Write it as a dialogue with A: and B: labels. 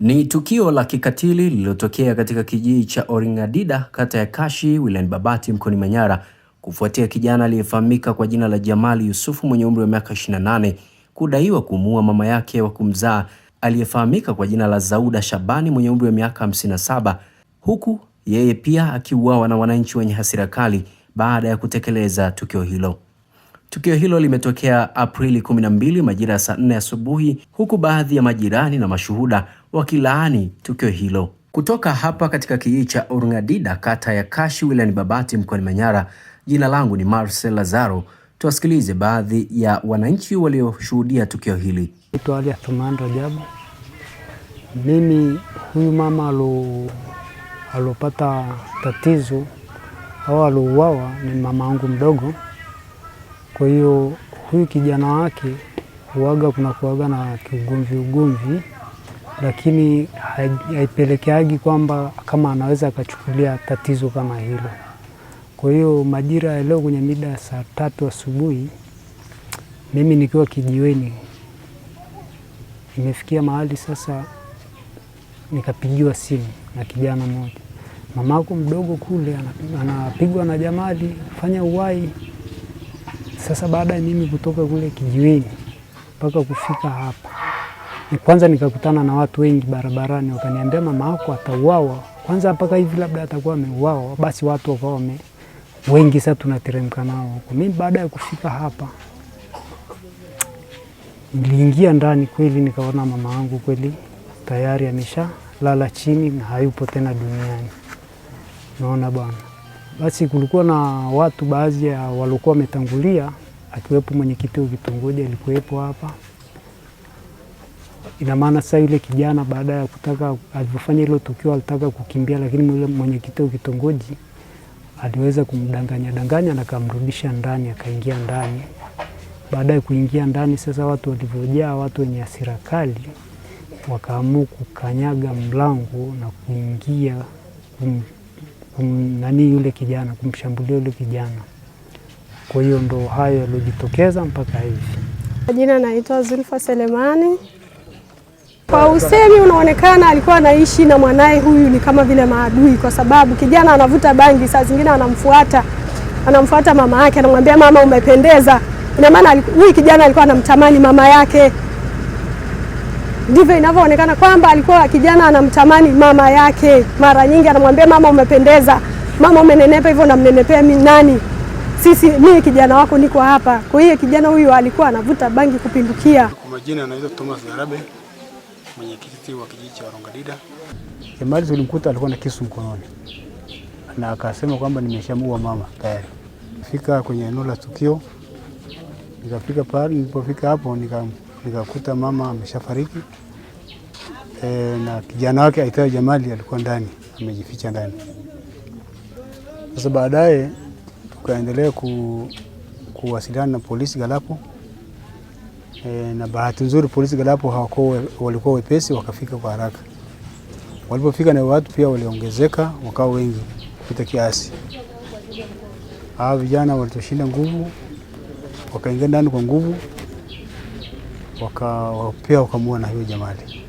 A: Ni tukio la kikatili lililotokea katika kijiji cha Oringadida kata ya Kashi wilayani Babati mkoani Manyara kufuatia kijana aliyefahamika kwa jina la Jamali Yusufu mwenye umri wa miaka 28 kudaiwa kumuua mama yake wa kumzaa aliyefahamika kwa jina la Zauda Shabani mwenye umri wa miaka 57 huku yeye pia akiuawa na wananchi wenye hasira kali baada ya kutekeleza tukio hilo. Tukio hilo limetokea Aprili 12 majira ya saa 4 asubuhi, huku baadhi ya majirani na mashuhuda wakilaani tukio hilo. Kutoka hapa katika kijiji cha Orngadida, kata ya Kashi, wilayani Babati, mkoani Manyara, jina langu ni Marcel Lazaro. Tuwasikilize baadhi ya wananchi walioshuhudia tukio hili.
B: Jabu, mimi huyu mama alopata tatizo au alouawa ni mama wangu mdogo kwa hiyo huyu kijana wake huaga kuna kuaga na kiugomvi ugomvi, lakini haipelekeagi kwamba kama anaweza akachukulia tatizo kama hilo. Kwa hiyo majira ya leo kwenye mida ya saa tatu asubuhi, mimi nikiwa kijiweni, imefikia mahali sasa nikapigiwa simu na kijana mmoja, mamako mdogo kule anapigwa na Jamali, fanya uwai. Sasa baada ya mimi kutoka kule kijiweni mpaka kufika hapa, kwanza nikakutana na watu wengi barabarani, wakaniambia mama yako atauawa kwanza, mpaka hivi labda atakuwa ameuawa. Basi watu wakawa wame wengi, sasa tunateremka nao huko. Mimi baada ya kufika hapa niliingia ndani kweli, nikaona mama yangu kweli tayari amesha lala chini na hayupo tena duniani. Naona bwana basi kulikuwa na watu baadhi ya waliokuwa wametangulia, akiwepo mwenyekiti wa kitongoji alikuwepo hapa. Ina maana sasa yule kijana baada ya kutaka alivyofanya hilo tukio alitaka kukimbia, lakini mwenyekiti wa kitongoji aliweza kumdanganya danganya na kamrudisha ndani, akaingia ndani. Baada ya kuingia ndani, sasa watu walivyojaa, watu wenye hasira kali wakaamua kukanyaga mlango na kuingia kum, kumnani yule kijana, kumshambulia yule kijana. Kwa hiyo ndo hayo yaliojitokeza mpaka hivi.
C: Jina naitwa Zulfa Selemani. Kwa usemi unaonekana alikuwa anaishi na mwanaye huyu ni kama vile maadui, kwa sababu kijana anavuta bangi, saa zingine anamfuata anamfuata mama yake, anamwambia mama, umependeza. Ina maana huyu kijana alikuwa anamtamani mama yake ndivyo inavyoonekana kwamba alikuwa kijana anamtamani mama yake. Mara nyingi anamwambia mama, umependeza, mama umenenepa, hivyo namnenepea mimi nani? Sisi mimi kijana wako niko hapa. Kwa hiyo kijana huyu alikuwa anavuta bangi kupindukia. Kwa
D: majina anaitwa Thomas Garabe, mwenyekiti wa kijiji cha Warongadida. Jamali tulimkuta alikuwa na kisu mkononi na akasema kwamba nimeshamua mama tayari. Fika kwenye eneo la tukio, nikafika pale, nilipofika hapo nika nikakuta mama ameshafariki e, na kijana wake aitwaye Jamali alikuwa ndani amejificha ndani. Sasa baadaye tukaendelea ku, kuwasiliana na polisi Galapo e, na bahati nzuri polisi Galapo hawako, walikuwa wepesi, wakafika kwa haraka. Walipofika na watu pia waliongezeka, wakawa wengi kupita kiasi. Hawa vijana walitoshinda nguvu, wakaingia ndani kwa nguvu waka, pia wakamuona hiyo Jamali.